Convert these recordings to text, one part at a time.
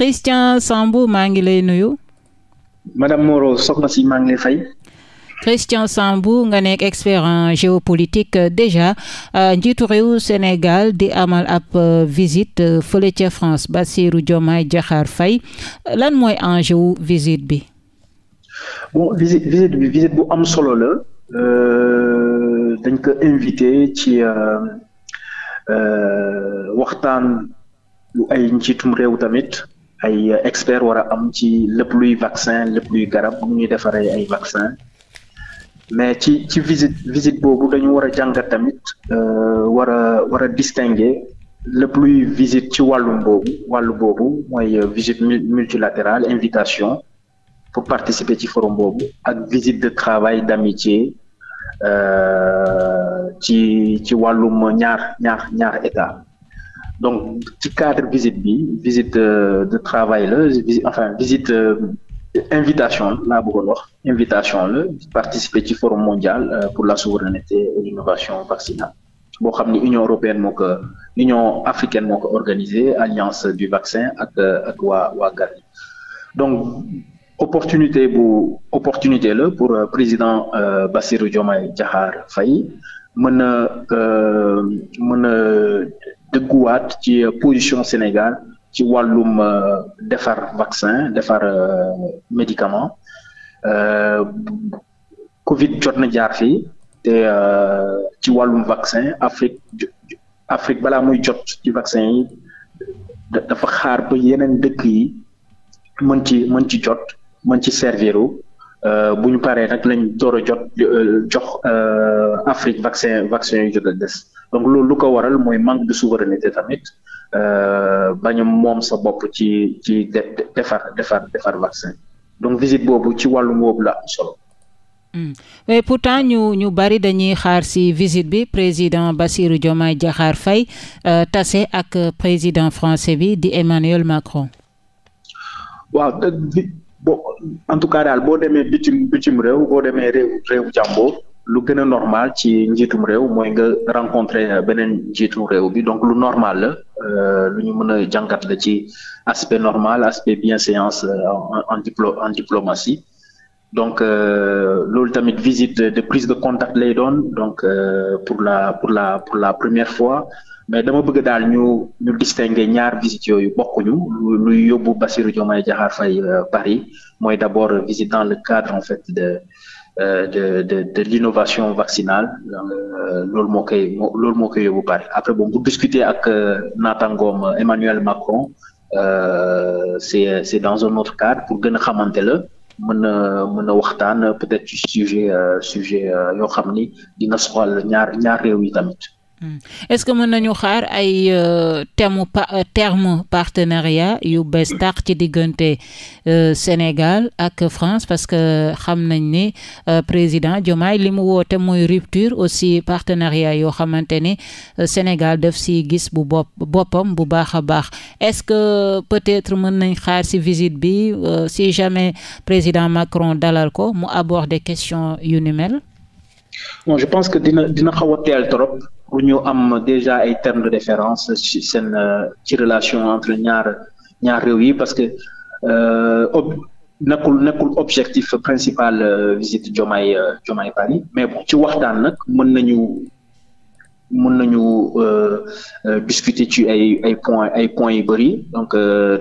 Christian Sambou maa ngi lay nuyu. madame Moreau soxna si maa ngi lay fay. Christian Sambou nga nekk expert en géopolitique euh, déjà euh, njiitu réew Sénégal di amal ab euh, visite fële ca France Bassirou Diomaye Diakhar fay lan mooy enjeu visite bi. bon visite bi bu am solo la dañ ko invité ci waxtaan yu ay njiitum réew tamit ay euh, expert war a am ci lépp luy vaccin lépp luy garab bu ñuy defaree ay vaccin mais ci ci visite visite boobu dañu war a jàngat tamit euh, war a war a distinguer lépp luy visite ci wàllum boobu wàllu boobu mooy euh, visite multilatérale invitation pour participer ci forum boobu ak visite de travail d'amitié ci ci wàllum ñaar ñaar ñaar état donc ci cadre visite bi visite euh, de travail la enfin visite euh, invitation laa bëggoon wax invitation la participer ci forum mondial euh, pour la souveraineté et l'innovation vaccinale boo xam ni union européenne moo ko union africaine moo ko organisé alliance du vaccin ak ak waa waa donc opportunité bu opportunité la pour président Bassirou Diomaye Diakhar Faye mën a mën dëgguwaat ci euh, position Sénégal ci wàllum euh, defar vaccin defar euh, médicament Covid jot na jaar fi te ci wàllum vaccin Afrique Afrique balaa muy jot ci vaccin yi dafa xaar ba yeneen dëkk yi mën ci mën ci jot mën ci serviru Euh, bu ñu paree nag nañ door a jot euh, jox euh, Afrique vaccin vaccin yu jot a des donc loolu lu ko waral mooy manque de souveraineté tamit bañ moom sa bopp ci ci defar defar vaccin donc visite boobu ci wàllum woobu la am solo. Mmh. mais pourtant ñu ñu bari dañuy xaar ci visite bi président bassiru Diomaye Diakhar Faye euh, tase ak président français bi di Emmanuel Macron. bo en tout cas dal boo demee bitim bitim réew boo demee réew réewu jàmbur lu gën a normal ci njiitum réew mooy nga rencontrer beneen njiitu réew bi donc lu normal la euh, lu ñu mën a jàngat la ci aspect normal aspect bienséance euh, en diplo diplomatie donc euh, loolu tamit visite de prise de contact lay doon donc pour la pour la pour la première fois mais dama bëgg daal ñu ñu distinguer ñaar visite yooyu bokkuñu luy yóbbu Bassirou Diomaye Diakhar fay euh, Paris mooy d'abord visite dans le cadre en fait de euh, de de de l'innovation vaccinale euh, loolu moo koy loolu moo koy yóbbu Paris après bon bu discuter ak naatangoom Emmanuel Macron euh, c'est c'est dans un autre cadre pour gën a xamante la mën a mën a waxtaan peut-être ci sujet sujet yoo xam ni dina soxal ñaar ñaar réew yi tamit Hmm. est-ce que mën nañu xaar ay euh, terme euh, terme partenariat yu bees tàq ci diggante euh, Sénégal ak France parce que xam nañ ni président Diomaye li mu woo te mooy rupture aussi partenariat yoo xamante ni Sénégal def si gis bu boppam bu baax a baax est-ce que peut-être mën nañ xaar si visite bi si jamais président Macron dalal ko mu aborder question yu ni bon je pense que dina dina xaw a teel trop pour ñu am déjà ay termes de référence ci seen euh, ci relation entre ñaar ñaar réew yi parce que euh, ob nekkul nekkul objectif principal euh, visite Diomaye Diomaye Paris mais bon ci waxtaan nag mën nañu mën nañu discuter ci ay ay points ay points yu bëri donc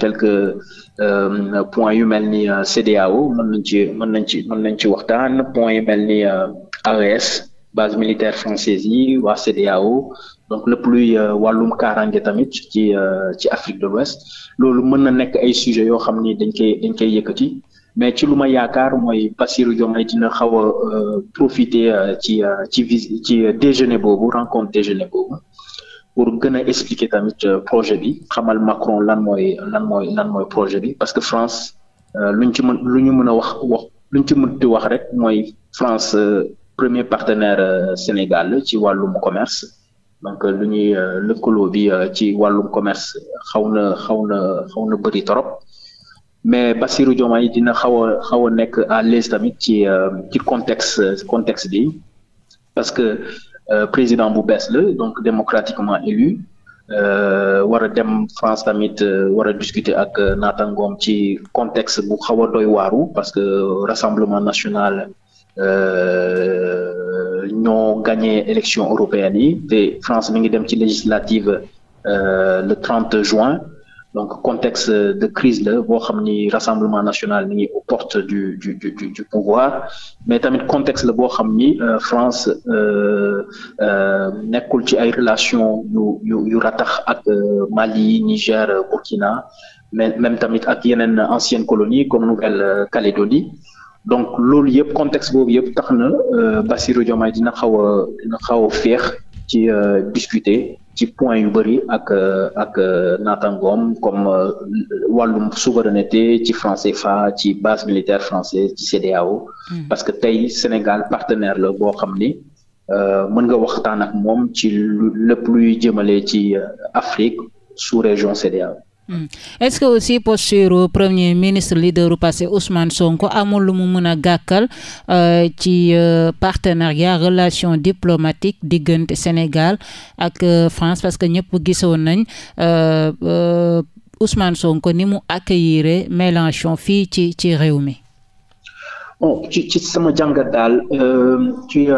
tel que point yu mel ni CEDEAO mën nañ ci mën nañ ci mën nañ ci waxtaan point yu mel ni AES base militaire française yi waa CEDEAO donc lépp luy euh, wàllum kaaraange tamit ci euh, ci Afrique de l'Ouest loolu mën na nekk ay sujets yoo xam ni dañ koy dañ koy yëkkati mais ci lu ma yaakaar mooy Bassirou Diomaye dina xaw a euh, profiter ci ci visi ci déjeuner boobu rencontre déjeuner boobu pour gën a expliquer tamit projet bi xamal Macron lan mooy lan mooy lan mooy projet bi parce que France luñ ci mën lu ñu mën a wax wax luñ ci mën mënti wax rek mooy France. premier partenaire euh, Sénégal ci wàllum commerce donc euh, lu ñuy euh, lëkkaloo bi ci wàllum commerce xaw na xaw na xaw na bëri torop mais Bassirou Diomaye dina xaw xaw a nekk à l'aise tamit ci ci contexte contexte bi parce que président bu bees la donc démocratiquement élu euh, war a dem France tamit war a discuter ak naatangoom ci contexte bu xaw a doy waaru parce que rassemblement national Euh, ñoo gagné élection européenne yi te France mi ngi dem ci législative euh, le 30 juin donc contexte de crise la boo xam ni rassemblement national mi ngi aux portes du du pouvoir mais tamit contexte la boo xam ni euh, France nekkul ci ay relations yu yu yu ratax ak Mali Niger Burkina mais même tamit ak yeneen anciennes colonies comme Nouvelle-Calédonie. donc loolu yëpp contexte boobu yëpp tax na euh, Bassirou Diomaye dina xaw a dina xaw a féex ci euh, discuter ci point yu bëri ak euh, ak naatangoom comme wàllum souveraineté ci franc fa ci base militaire française ci CEDEAO mm-hmm. parce que tey Sénégal partenaire la boo xam ni mën nga waxtaan ak moom ci lépp luy jëmale ci Afrique sous région CEDEAO Mmh. est-ce que aussi posture premier ministre leaderu Pastef Ousmane Sonko amul lu mu mën a gàkkal euh, ci euh, partenariat relation diplomatique diggante Sénégal ak euh, France parce que ñëpp gisoon nañ euh, euh, Ousmane Sonko ni mu accueillir Mélenchon fii ci ci réew mi. ci sama jàngat daal euh, ci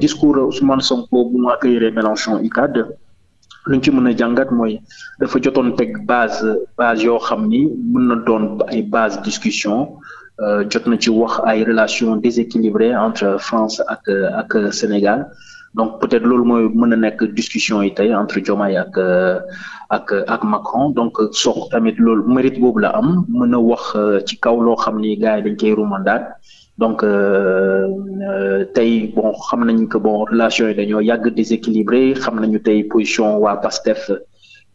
discours Ousmane Sonko bu mu accueillir Mélenchon ICAD luñ ci mën a jàngat mooy dafa jotoon teg base base yoo xam ni mën na doon ay base discussion euh, jot na ci wax ay relations déséquilibrées entre France ak ak Sénégal donc peut-être loolu mooy mën a nekk discussion yi tey entre Diomaye ak ak ak Macron donc sox tamit loolu mérite boobu la am mën a wax euh, ci kaw loo xam ni gars yi dañ koy rumandaat donc euh, euh, tey bon xam nañ que bon relation yi dañoo yàgg déséquilibré xam nañu tey position waa PASTEF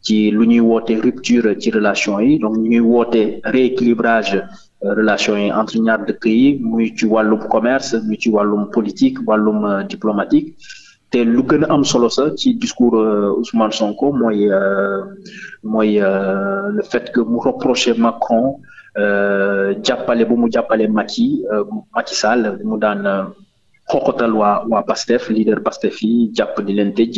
ci lu ñuy woote rupture ci relation yi donc ñuy woote rééquilibrage euh, relation yi entre ñaar dëkk yi muy ci wàllum commerce muy ci wàllum politique wàllum diplomatique te lu gën a am solo sax ci discours Ousmane Sonko mooy mooy le fait que mu reproché Macron Euh, jàppale bu mu jàppale Macky euh, Macky Sall mu daan euh, xoxotal waa waa Pastef leader Pastef yi jàpp di leen tëj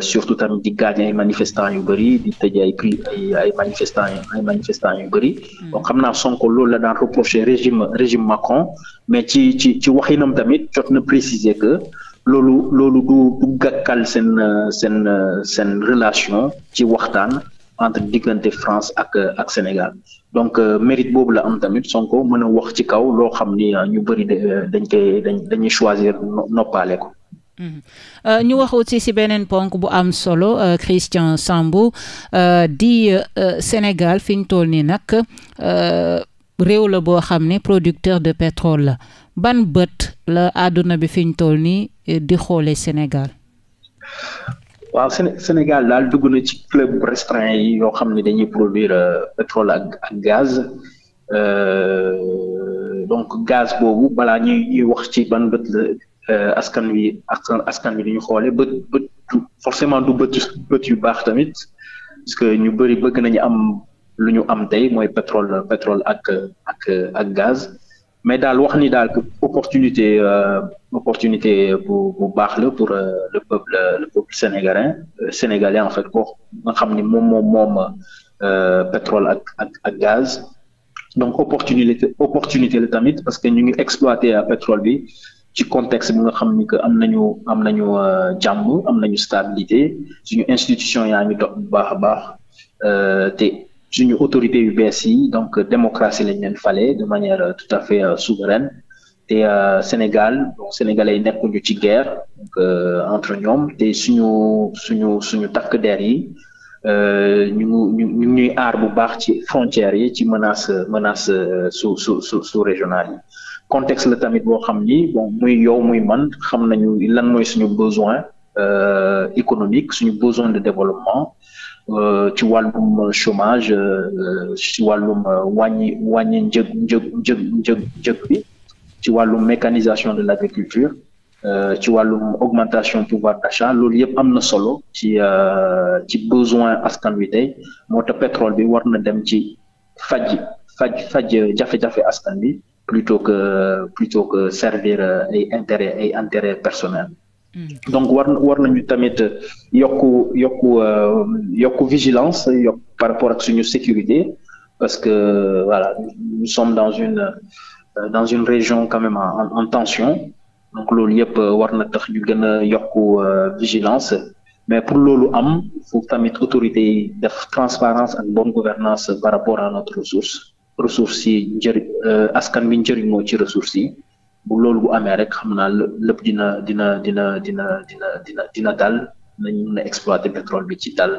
surtout tamit di gaañ ay manifestants yu bëri di tëj ay prix ay manifestants ay manifestants yu bëri. Hmm. bon xam naa Sonko loolu la daan reproché régime régime Macron mais ci ci ci waxinam tamit jot na préciser que loolu loolu du du gàkkal seen seen seen relation ci waxtaan. entre diggante France ak ak Sénégal donc euh, mérite boobu la am tamit Sonko mën wax ci kaw loo xam ni euh, ñu bëri euh, dañ koy dañuy choisir noppaale ko. Mhm. ñu wax ci ci beneen ponk bu am solo Christian Sambou di Sénégal fiñ tool toll nii nag réew la boo xam ne producteur de pétrole la ban bët la àdduna bi fiñ ñu toll nii di xoole Sénégal. waaw Sénégal daal dugg na ci club restreint yi yoo xam ne dañuy produire euh, pétrole ak ak gaz euh, donc gaz boobu balaa ñuy ñuy wax ci ban bët la euh, askan wi askan wi dañu xoole bët bët forcément du bët bët yu baax tamit parce que ñu bëri bëgg nañu am lu ñu am tey mooy pétrole pétrole ak ak ak gaz mais daal wax ni daal que opportunité. opportunité bu bu baax la pour euh, le peuple euh, le peuple sénégalais euh, sénégalais ko nga xam ni moom moom moom pétrole ak ak ak gaz donc opportunité opportunité la tamit parce que ñu ngi exploité pétrole bi ci contexte bi nga xam ni que am na nañu am na nañu jàmm am nañu stabilité suñu institution yaa ngi dox bu baax a baax te suñu autorité yu bees yi donc démocratie lañ leen fale de manière tout à fait souveraine te euh, Sénégal donc sénégalais yi nekkuñu ci guerre donc euh, entre ñoom te suñu suñu suñu takk der yi euh, ñu ñu ñu ñuy aar bu baax ci frontières yi ci menace su su su su régional yi contexte la tamit boo xam ni bon muy yow muy man xam nañu lan mooy suñu besoin économique suñu besoin de développement ci wàllum chômage ci wàllum wàññi wàññi njëg njëg njëg njëg bi ci wàllum mécanisation de l' agriculture euh, ci wàllum augmentation pouvoir d' achat loolu yëpp am na solo ci euh, ci besoin askan wi tey moo tax pétrole bi war na dem ci faj faj faj jafe-jafe askan bi plutôt que plutôt que servir euh, ay intérêt ay intérêt personnel mm. donc war war tamit yokku yokku yokku vigilance yokk par rapport ak suñu sécurité parce que voilà nous sommes dans une Euh, dans une région quand même en, en tension donc loolu yëpp euh, war na tax ñu gën a yokku euh, vigilance mais pour loolu am foofu tamit autorité yi def transparence ak bon gouvernance par rapport à notre ressource ressource yi njëri askan bi njëriñoo ci ressource yi bu loolu bu amee rek xam naa lépp dina dina dina dina dina dina dina dal nañ mun a bi ci dal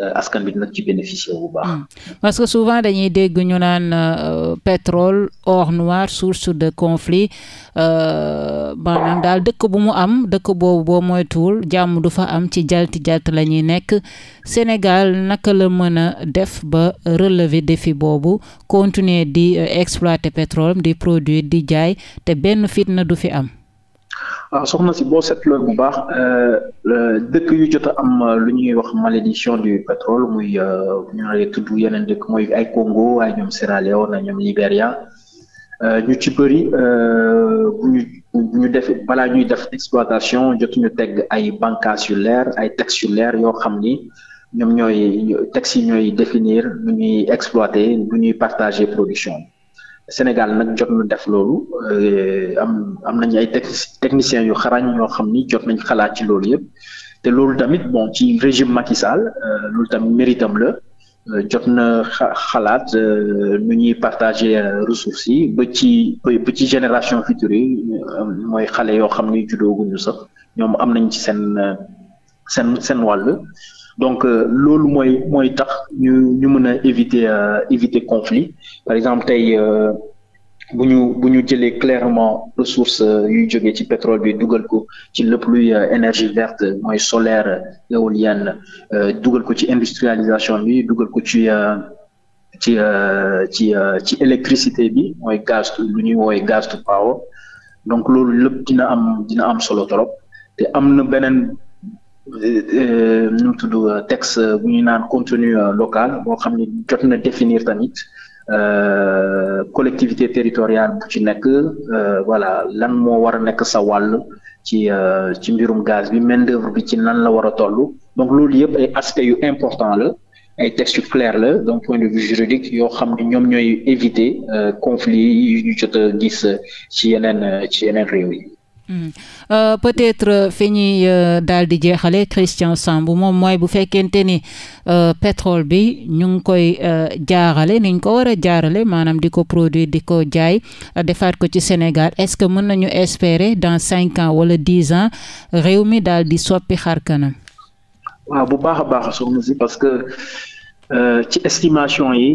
Euh, askan bi dina ci bénéficier bu baax. Hmm. parce que souvent dañuy dégg ñu naan euh, pétrole or noir source de conflit euh, maanaam daal dëkk bu mu am dëkk boobu boo moytuwul jàmm du fa am ci jalti jalt la nekk Sénégal naka la mën a def ba relever défi boobu continuer di exploiter pétrole di produit di jaay te benn fitna du fi am. waaw soxna si boo seetloo bu baax euh, dëkk yu jot a am euh, lu ñuy wax malédiction du pétrole muy euh, ñu ne tudd yeneen dëkk mooy ay Congo ay ñoom Sierra Leone ay ñoom Libéria ñu ci bëri bu ñu ñu def balaa ñuy def exploitation jotuñu teg ay bànkaas yu leer ay textes yu leer yoo xam ni ñoom ñooy textes yi ñooy définir nu ñuy exploiter nu ñuy partager production Sénégal nag jot na def loolu euh, am am nañu ay techniciens yu xarañ ñoo xam ni jot nañ xalaat ci loolu yëpp te loolu tamit bon ci régime Macky Sall euh, loolu tamit méritam la euh, jot na xalaat nu ñuy partager ressources yi ba ci ba ci génération future yi mooy xale yoo xam ni juddooguñu sax ñoom am nañ ci seen seen seen wàll donc euh, loolu mooy mooy tax ñu ñu mën a éviter euh, éviter conflit par exemple tey euh, bu ñu bu ñu jëlee clairement ressource yu jógee ci pétrole bi dugal ko ci lépp luy énergie verte mooy solaire éolienne dugal ko ci industrialisation bi dugal ko ci ci ci ci électricité bi mooy gaz lu ñuy woowee gaz to power donc loolu lépp dina am dina am solo trop te am na beneen Euh, nu mu tudd euh, texte bu ñu naan contenu euh, local boo xam ni jot na définir tamit collectivité territoriale bu ci nekk voilà lan moo war a nekk sa wàll ci ci mbirum gaz bi main bi ci nan la war a toll donc loolu yëpp ay aspects yu important la ay textes yu la donc point de vue juridique yoo xam ne ñoom ñooy éviter conflits yi ñu jot a gis ci yeneen ci yeneen réew yi. Hmm. Euh, peut-être euh, fi ñuy euh, daal di jeexale Christian Sambou moom mooy bu fekkente ni pétrole bi ñu ngi koy jaarale ni ñu ko war a jaarale maanaam di ko produire di ko jaay defaat ko ci Sénégal est-ce que mën nañu espérer dans cinq ans wala dix ans réew mi daal di soppi xar kanam. waaw bu baax a baax soxna parce que ci estimation yi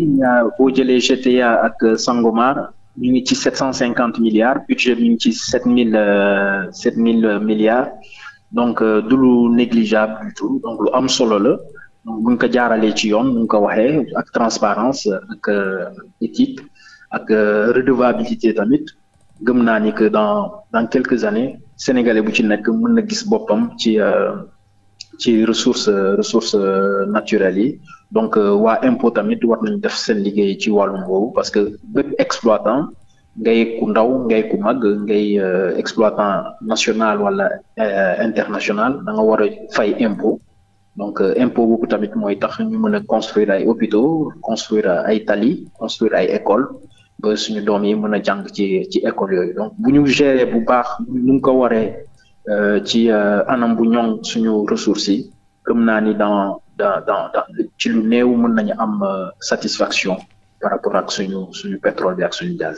boo jëlee GTA ak Sangomar ñu ngi ci sept cent cinquante milliards budget bi ñu ngi ci sept mille euh, sept mille euh, milliards donc euh, du lu négligeable du tout donc lu am solo la donc bu ñu ko jaaralee ci yoon bu ñu ko waxee ak transparence ak éthique ak redevabilité tamit gëm naa ni que dans dans quelques années sénégalais bu ci nekk mën na gis boppam ci ci ressources ressources naturelles yi donc euh, waa impôt tamit war nañ def seen liggéey ci wàllum boobu parce que bépp exploitant ngay ku ndaw ngay ku mag ngay euh, exploitant national wala euh, international da nga war a fay impôt donc impôt boobu tamit mooy tax ñu mën a construire ay hôpitaux construire ay tali construire ay école ba suñu doom yi mën a jàng ci ci école yooyu donc bu ñu gérer bu baax nu ñu ko waree ci anam bu ñoŋ suñu ressources yi naa ni dans dans dans ci lu mën nañu am euh, satisfaction par rapport ak suñu suñu pétrole bi ak suñu gaz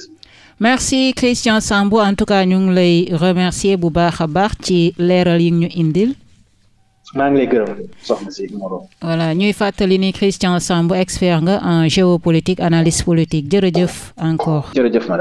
merci Christian Sambou en tout cas ñu ngi lay remercier bu baax a baax ci leeral yi ñu indil. maa ngi lay gërëm soxna si Moreau. voilà ñuy fàttali ni Christian sambo expert nga en géopolitique analyse politique jërëjëf encore. jërëjëf madame.